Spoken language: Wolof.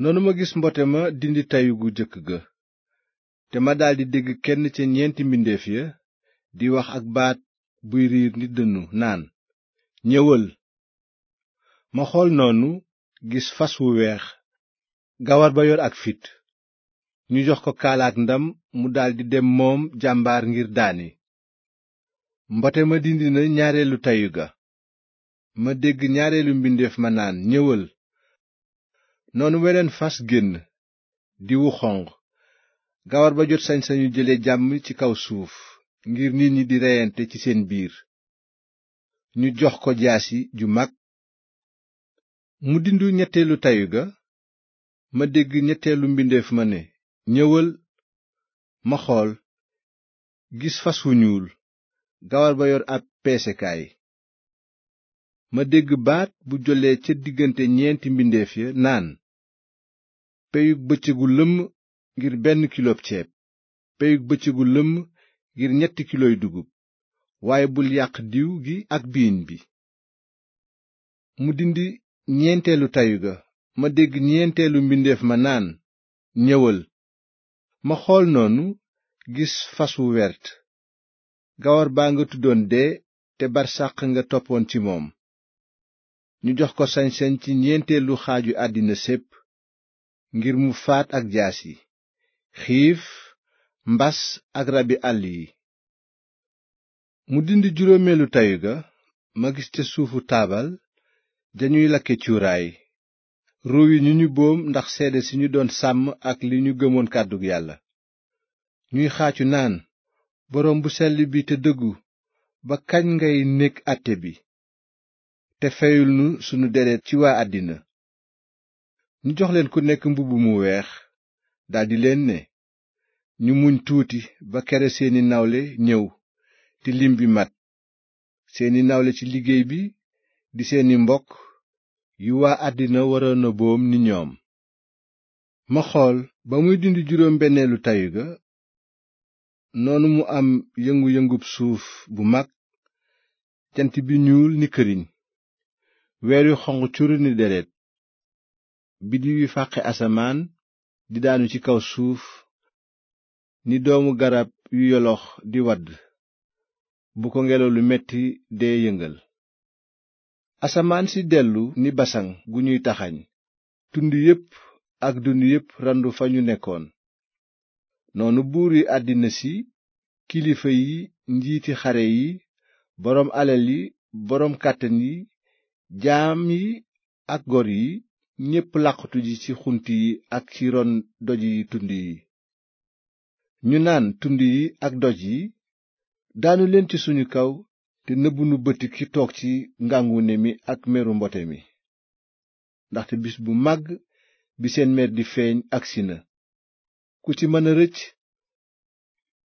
noonu ma gis mbote ma dindi tayu gu jëkk ga te ma daldi dégg kenn ca ñeenti mbindeef ya di wax ak baat buy riir ni dënnu naan ñëwal ma xool noonu gis fas wu weex gawar ba yor ak fit ñu jox ko kaalaak ndam mu daldi dem moom jàmbaar ngir daani mbote ma dindi na ñaareelu tayu ga ma dégg ñaareelu mbindeef ma naan ñëwal noonu weneen fas génn diwu xonq gawar ba jot sañ-sañu jële jàmm ci kaw suuf ngir nit ñi di reyante ci seen biir ñu jox ko jaasi ju mag mu dindu ñetteelu tayu ga ma dégg ñetteelu mbindeef ma ne ñëwal ma xool gis fas wu ñuul gawar ba yor ab peesekaay ma dégg baat bu jollee ca diggante ñeenti mbindeef ya naan peyug bëccëgu lëmm ngir benn ceeb peyug bëccëgu lëmm ngir ñetti kiloy dugub waaye bul yàq diw gi ak biiñ bi mu dindi ñeenteelu tayu ga ma dégg ñeenteelu mbindeef ma naan ñëwal ma xool noonu gis fas wu wert gawar baa nga tuddoon dee te barsàq nga toppoon ci moom ñu jox ko sañ ci ñeenteelu xaaju àddina sépp ngir mu faat ak yi xiif mbas ak rabi àll yi mu dindi juróomeelu tayu ga ma gis ca suufu taabal dañuy lakke cuuraay ruu yi ñu ñu boom ndax seede si ñu doon sàmm ak li ñu gëmoon kàddu yàlla ñuy xaacu naan boroom bu sell bi te dëggu ba kañ ngay nekk àtte bi te feyul nu sunu deret ci waa àddina ñu jox leen ku nekk mbubb mu weex daldi leen ne ñu muñ tuuti ba kere seeni nawle ñëw te lim bi mat seeni nawle ci liggéey bi di seeni mbokk yu waa àddina waroon a boom ni ñoom ma xool ba muy dindi juróom benneelu tayu ga noonu mu am yëngu yëngu suuf bu mag jant bi ñuul ni këriñ weer yu xonq curu ni deret biddiw yi fàqe asamaan di daanu ci kaw suuf ni doomu garab yu yolox di wadd bu ko ngelaw lu metti dee yëngal asamaan si dellu ni basaŋ gu ñuy taxañ tund yépp ak dund yépp randu fa ñu nekkoon noonu buur yi àddina si kilifa yi njiiti xare yi boroom alal yi boroom kàttan yi jaam yi ak gor yi ñépp làqutu ji ci xunt yi ak ci ron doj yi tund yi ñu naan tund yi ak doj yi daanu leen ci suñu kaw te nëbbunu bëti ki toog ci ngàngune mi ak meru mbote mi ndaxte bis bu màgg bi seen mer di feeñ agsi na ku ci mën a rëcc